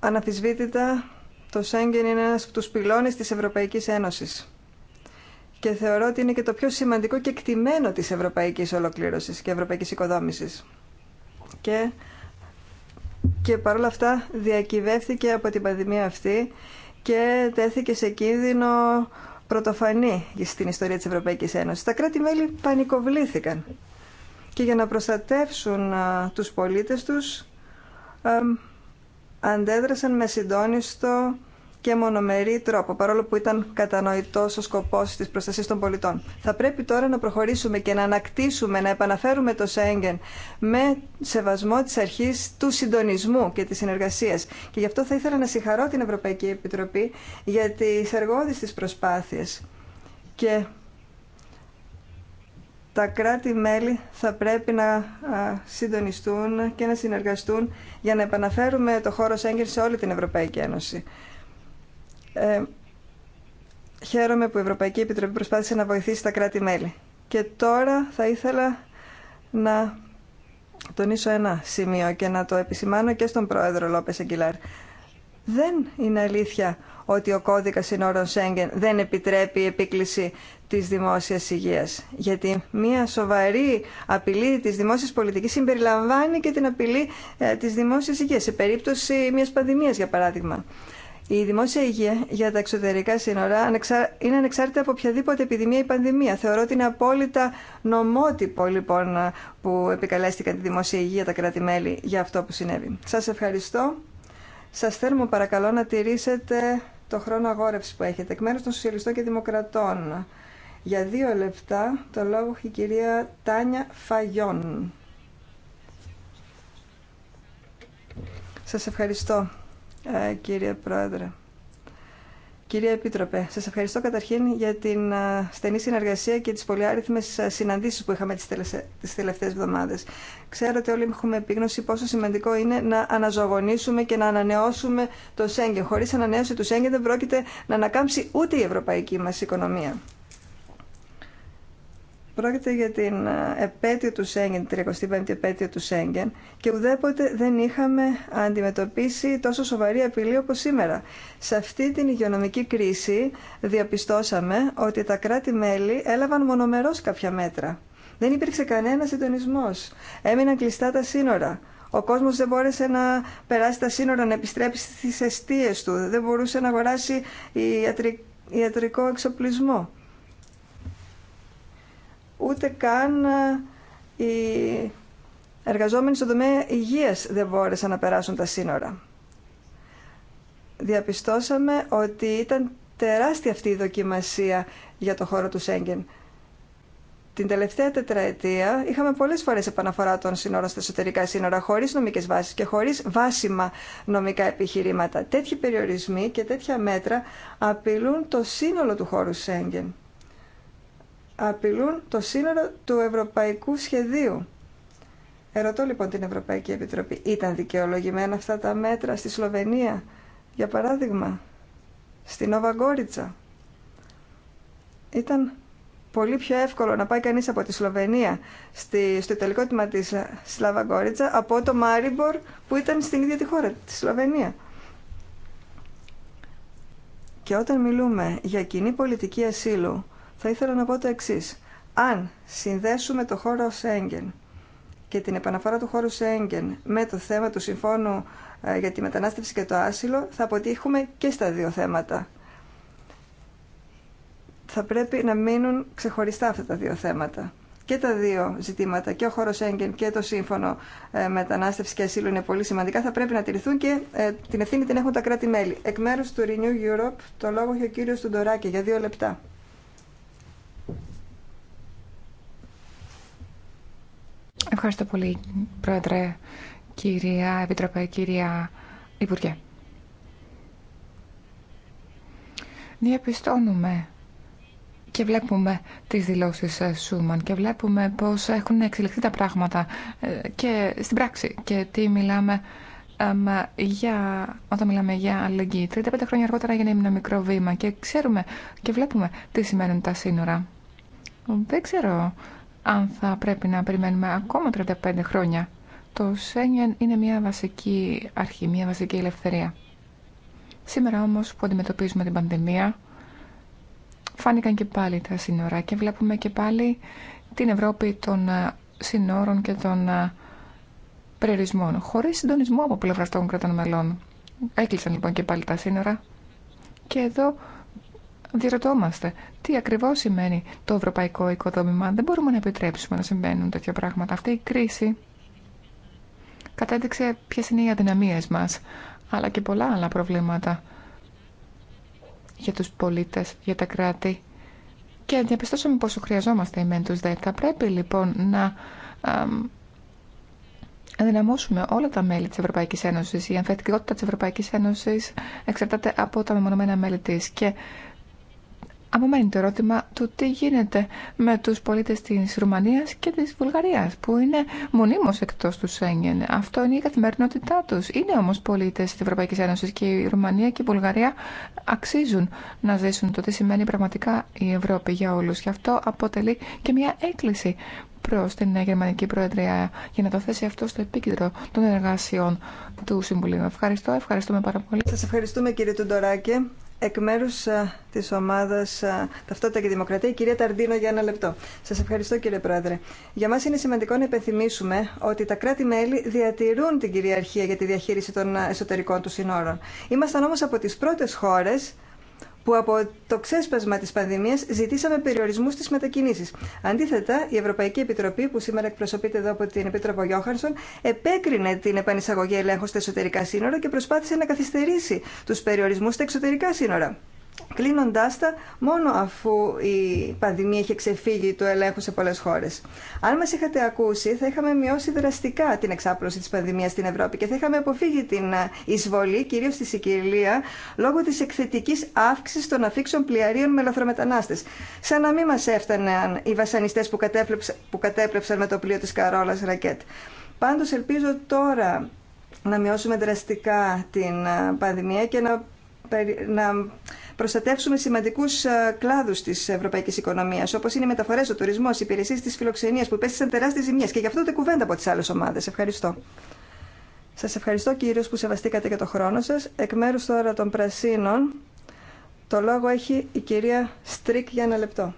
Speaker 3: Αναφυσβήτητα, το Σέγγεν είναι ένας από τους πυλώνες της Ευρωπαϊκής Ένωσης και θεωρώ ότι είναι και το πιο σημαντικό και εκτιμένο της ευρωπαϊκής ολοκλήρωσης και ευρωπαϊκής οικοδόμησης. Και, και παρόλα αυτά διακυβεύθηκε από την πανδημία αυτή και τέθηκε σε κίνδυνο πρωτοφανή στην ιστορία της Ευρωπαϊκής Ένωσης. Τα κράτη-μέλη πανικοβλήθηκαν και για να προστατεύσουν τους πολίτες τους αντέδρασαν με συντόνιστο και μονομερή τρόπο, παρόλο που ήταν κατανοητό ο σκοπό τη προστασία των πολιτών. Θα πρέπει τώρα να προχωρήσουμε και να ανακτήσουμε, να επαναφέρουμε το Σέγγεν με σεβασμό τη αρχή του συντονισμού και τη συνεργασία. Και γι' αυτό θα ήθελα να συγχαρώ την Ευρωπαϊκή Επιτροπή για τι εργόδει τη προσπάθειε. Και τα κράτη-μέλη θα πρέπει να συντονιστούν και να συνεργαστούν για να επαναφέρουμε το χώρο Σέγγεν σε όλη την Ευρωπαϊκή Ένωση. Ε, χαίρομαι που η Ευρωπαϊκή Επιτροπή προσπάθησε να βοηθήσει τα κράτη-μέλη. Και τώρα θα ήθελα να τονίσω ένα σημείο και να το επισημάνω και στον πρόεδρο Λόπε Αγγιλάρ. Δεν είναι αλήθεια ότι ο κώδικας συνόρων Σέγγεν δεν επιτρέπει η επίκληση της δημόσιας υγείας. Γιατί μια σοβαρή απειλή της δημόσιας πολιτικής συμπεριλαμβάνει και την απειλή ε, της δημόσιας υγείας σε περίπτωση μιας πανδημίας για παράδειγμα. Η δημόσια υγεία για τα εξωτερικά σύνορα είναι ανεξάρτητα από οποιαδήποτε επιδημία ή πανδημία. Θεωρώ ότι είναι απόλυτα νομότυπο λοιπόν που επικαλέστηκαν τη δημόσια υγεία τα κράτη-μέλη για αυτό που συνέβη. Σας ευχαριστώ. Σας θέλουμε παρακαλώ να τηρήσετε το χρόνο αγόρευση που έχετε. Εκ μέρους των Σοσιαλιστών και Δημοκρατών. Για δύο λεπτά το λόγο έχει η κυρία Τάνια Φαγιόν. Σας ευχαριστώ. Ε, κύριε Πρόεδρε. Κύριε Επίτροπε, σας ευχαριστώ καταρχήν για την ε, στενή συνεργασία και τις πολυάριθμες ε, συναντήσεις που είχαμε τις τελευταίες εβδομάδες. Ξέρω ότι όλοι έχουμε επίγνωση πόσο σημαντικό είναι να αναζωογονήσουμε και να ανανεώσουμε το Σέγγεν. Χωρίς ανανέωση του Σέγγεν δεν πρόκειται να ανακάμψει ούτε η ευρωπαϊκή μας οικονομία. Πρόκειται για την ε, επέτειο του Σέγγεν, την 35η επέτειο του Σέγγεν και ουδέποτε δεν είχαμε αντιμετωπίσει τόσο σοβαρή απειλή όπως σήμερα. Σε αυτή την υγειονομική κρίση διαπιστώσαμε ότι τα κράτη-μέλη έλαβαν μονομερώς κάποια μέτρα. Δεν υπήρξε κανένα συντονισμό. Έμειναν κλειστά τα σύνορα. Ο κόσμος δεν μπόρεσε να περάσει τα σύνορα, να επιστρέψει στις αιστείες του. Δεν μπορούσε να αγοράσει ιατρικό εξοπλισμό ούτε καν ε, οι εργαζόμενοι στον τομέα υγείας δεν μπόρεσαν να περάσουν τα σύνορα. Διαπιστώσαμε ότι ήταν τεράστια αυτή η δοκιμασία για το χώρο του Σέγγεν. Την τελευταία τετραετία είχαμε πολλέ φορέ επαναφορά των σύνορων στα εσωτερικά σύνορα χωρί νομικέ βάσει και χωρί βάσιμα νομικά επιχειρήματα. Τέτοιοι περιορισμοί και τέτοια μέτρα απειλούν το σύνολο του χώρου Σέγγεν απειλούν το σύνορο του Ευρωπαϊκού Σχεδίου. Ερωτώ λοιπόν την Ευρωπαϊκή Επιτροπή, ήταν δικαιολογημένα αυτά τα μέτρα στη Σλοβενία, για παράδειγμα, στη Νόβα Ήταν πολύ πιο εύκολο να πάει κανείς από τη Σλοβενία στη, στο τελικό τμήμα της Σλαβαγκόριτσα από το Μάριμπορ που ήταν στην ίδια τη χώρα, τη Σλοβενία. Και όταν μιλούμε για κοινή πολιτική ασύλου θα ήθελα να πω το εξή. Αν συνδέσουμε το χώρο Σέγγεν και την επαναφορά του χώρου Σέγγεν με το θέμα του συμφώνου ε, για τη μετανάστευση και το άσυλο, θα αποτύχουμε και στα δύο θέματα. Θα πρέπει να μείνουν ξεχωριστά αυτά τα δύο θέματα. Και τα δύο ζητήματα, και ο χώρο Σέγγεν και το σύμφωνο ε, μετανάστευση και ασύλου είναι πολύ σημαντικά. Θα πρέπει να τηρηθούν και ε, την ευθύνη την έχουν τα κράτη-μέλη. Εκ μέρου του Renew Europe, το λόγο έχει ο κύριο Τουντοράκη για δύο λεπτά.
Speaker 4: Ευχαριστώ πολύ, Πρόεδρε, κυρία Επιτροπέ, κυρία Υπουργέ. Διαπιστώνουμε και βλέπουμε τις δηλώσεις ε, Σούμαν και βλέπουμε πώς έχουν εξελιχθεί τα πράγματα ε, και στην πράξη και τι μιλάμε για, όταν μιλάμε για αλληλεγγύη. 35 χρόνια αργότερα έγινε ένα μικρό βήμα και ξέρουμε και βλέπουμε τι σημαίνουν τα σύνορα. Δεν ξέρω αν θα πρέπει να περιμένουμε ακόμα 35 χρόνια. Το Σένιεν είναι μια βασική αρχή, μια βασική ελευθερία. Σήμερα όμως που αντιμετωπίζουμε την πανδημία, φάνηκαν και πάλι τα σύνορα και βλέπουμε και πάλι την Ευρώπη των ε, σύνορων και των ε, περιορισμών, χωρίς συντονισμό από πλευρά των κρατών μελών. Έκλεισαν λοιπόν και πάλι τα σύνορα και εδώ διερωτώμαστε τι ακριβώ σημαίνει το ευρωπαϊκό οικοδόμημα. Δεν μπορούμε να επιτρέψουμε να συμβαίνουν τέτοια πράγματα. Αυτή η κρίση κατέδειξε ποιε είναι οι αδυναμίε μα, αλλά και πολλά άλλα προβλήματα για του πολίτε, για τα κράτη. Και διαπιστώσαμε πόσο χρειαζόμαστε οι του δε. Θα πρέπει λοιπόν να ενδυναμώσουμε όλα τα μέλη της Ευρωπαϊκής Ένωσης. Η ανθεκτικότητα της Ευρωπαϊκής Ένωσης εξαρτάται από τα μεμονωμένα μέλη τη. και απομένει το ερώτημα του τι γίνεται με τους πολίτες της Ρουμανίας και της Βουλγαρίας που είναι μονίμως εκτός του Σέγγεν. Αυτό είναι η καθημερινότητά τους. Είναι όμως πολίτες της Ευρωπαϊκής Ένωσης και η Ρουμανία και η Βουλγαρία αξίζουν να ζήσουν το τι σημαίνει πραγματικά η Ευρώπη για όλους. Και αυτό αποτελεί και μια έκκληση προς την Γερμανική Προεδρία για να το θέσει αυτό στο επίκεντρο των εργασιών του Συμβουλίου. Ευχαριστώ, ευχαριστούμε πάρα πολύ. Σα
Speaker 3: ευχαριστούμε κύριε Τουντοράκη. Εκ μέρου ε, τη ομάδα ε, Ταυτότητα και Δημοκρατία, η κυρία Ταρντίνο, για ένα λεπτό. Σα ευχαριστώ, κύριε Πρόεδρε. Για μα είναι σημαντικό να υπενθυμίσουμε ότι τα κράτη-μέλη διατηρούν την κυριαρχία για τη διαχείριση των ε, εσωτερικών του συνόρων. Ήμασταν όμω από τι πρώτε χώρε που από το ξέσπασμα της πανδημίας ζητήσαμε περιορισμούς στις μετακινήσει. Αντίθετα, η Ευρωπαϊκή Επιτροπή, που σήμερα εκπροσωπείται εδώ από την Επίτροπο Γιώχανσον, επέκρινε την επανεισαγωγή ελέγχου στα εσωτερικά σύνορα και προσπάθησε να καθυστερήσει τους περιορισμούς στα εξωτερικά σύνορα κλείνοντα τα μόνο αφού η πανδημία είχε ξεφύγει του ελέγχου σε πολλέ χώρε. Αν μα είχατε ακούσει θα είχαμε μειώσει δραστικά την εξάπλωση τη πανδημία στην Ευρώπη και θα είχαμε αποφύγει την ε, εισβολή κυρίω στη Σικηλία λόγω τη εκθετική αύξηση των αφήξεων πλοιαρίων με λαθρομετανάστε. Σαν να μην μα έφταναν οι βασανιστέ που, κατέπλεψαν, που κατέπλεψαν με το πλοίο τη Καρόλα Ρακέτ. Πάντω ελπίζω τώρα να μειώσουμε δραστικά την ε, πανδημία και να να προστατεύσουμε σημαντικού ε, κλάδου τη Ευρωπαϊκή οικονομία. Όπω είναι οι μεταφορές, ο τουρισμό, οι υπηρεσίες τη φιλοξενία που υπέστησαν τεράστιες ζημιέ. και γι' αυτό δεν κουβέντα από τι άλλε ομάδε. Ευχαριστώ. Σα ευχαριστώ κύριος που σεβαστήκατε και το χρόνο σα. Εκ μέρου τώρα των Πρασίνων, το λόγο έχει η κυρία Στρίκ για ένα λεπτό.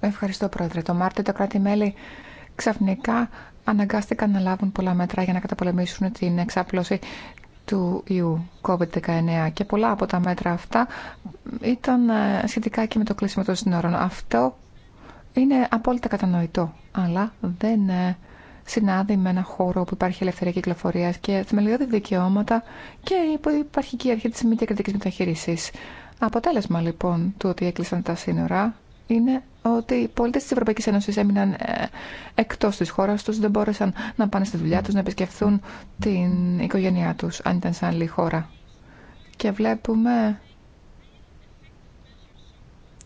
Speaker 4: Ευχαριστώ πρόεδρε. Το Μάρτιο τα κράτη-μέλη ξαφνικά αναγκάστηκαν να λάβουν πολλά μέτρα για να καταπολεμήσουν την εξάπλωση του ιού COVID-19 και πολλά από τα μέτρα αυτά ήταν ε, σχετικά και με το κλείσιμο των συνόρων. Αυτό είναι απόλυτα κατανοητό, αλλά δεν ε, συνάδει με ένα χώρο που υπάρχει ελευθερία κυκλοφορία και θεμελιώδη δικαιώματα και υπάρχει και η αρχή τη μη διακριτική μεταχείριση. Αποτέλεσμα λοιπόν του ότι έκλεισαν τα σύνορα είναι ότι οι πολίτες της Ευρωπαϊκής Ένωσης έμειναν ε, εκτός της χώρας τους, δεν μπόρεσαν να πάνε στη δουλειά τους, να επισκεφθούν την οικογένειά τους, αν ήταν σε άλλη χώρα. Και βλέπουμε...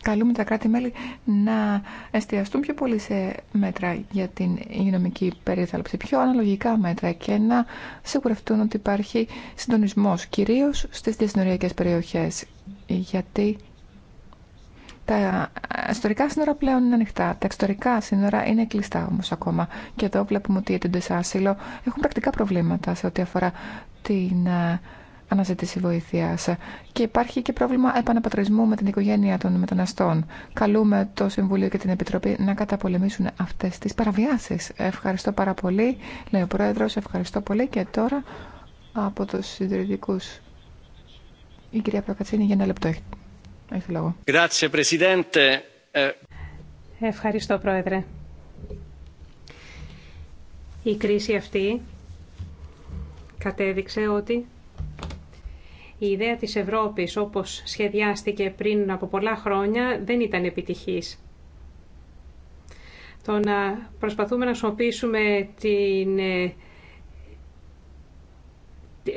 Speaker 4: Καλούμε τα κράτη-μέλη να εστιαστούν πιο πολύ σε μέτρα για την υγειονομική περίθαλψη, πιο αναλογικά μέτρα και να σιγουρευτούν ότι υπάρχει συντονισμός, κυρίως στις διασυνοριακές περιοχές, γιατί τα ιστορικά σύνορα πλέον είναι ανοιχτά. Τα εξωτερικά σύνορα είναι κλειστά όμω ακόμα. Και εδώ βλέπουμε ότι οι έντοντε άσυλο έχουν πρακτικά προβλήματα σε ό,τι αφορά την ε, αναζήτηση βοήθεια. Και υπάρχει και πρόβλημα επαναπατρισμού με την οικογένεια των μεταναστών. Καλούμε το Συμβούλιο και την Επιτροπή να καταπολεμήσουν αυτέ τι παραβιάσει. Ευχαριστώ πάρα πολύ, λέει ο Πρόεδρο. Ευχαριστώ πολύ. Και τώρα από του συντηρητικού.
Speaker 2: Η κυρία Προκατσίνη για ένα λεπτό έχει
Speaker 3: ε,
Speaker 2: Ευχαριστώ, Πρόεδρε. Η κρίση αυτή κατέδειξε ότι η ιδέα της Ευρώπης όπως σχεδιάστηκε πριν από πολλά χρόνια δεν ήταν επιτυχής. Το να προσπαθούμε να χρησιμοποιήσουμε την ε,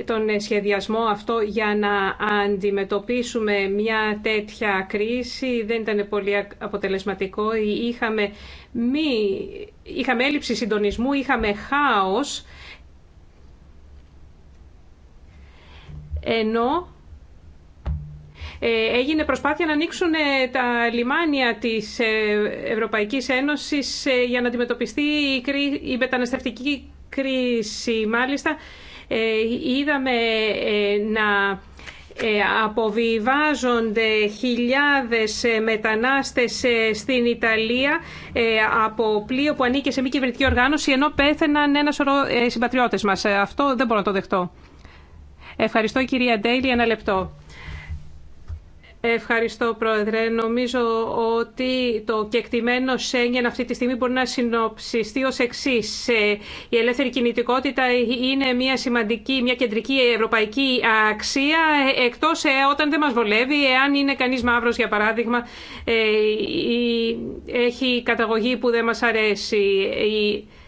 Speaker 2: τον σχεδιασμό αυτό για να αντιμετωπίσουμε μια τέτοια κρίση δεν ήταν πολύ αποτελεσματικό. Ε, είχαμε, μη, είχαμε έλλειψη συντονισμού, είχαμε χάος, ενώ ε, έγινε προσπάθεια να ανοίξουν ε, τα λιμάνια της Ευρωπαϊκής Ένωσης για να αντιμετωπιστεί η μεταναστευτική κρίση. Μάλιστα, ε, είδαμε ε, να ε, αποβιβάζονται χιλιάδες μετανάστες στην Ιταλία από πλοίο που ανήκε σε μη κυβερνητική οργάνωση ενώ πέθαιναν ένα σωρό συμπατριώτες μας. Αυτό δεν μπορώ να το δεχτώ. Ευχαριστώ κυρία Ντέιλι. Ένα λεπτό. Ευχαριστώ, Πρόεδρε. Νομίζω ότι το κεκτημένο Σέγγεν αυτή τη στιγμή μπορεί να συνοψιστεί ω εξή. Ε, η ελεύθερη κινητικότητα είναι μια σημαντική, μια κεντρική ευρωπαϊκή αξία, εκτό ε, όταν δεν μα βολεύει, εάν είναι κανεί μαύρο, για παράδειγμα, ε, ή έχει καταγωγή που δεν μα αρέσει.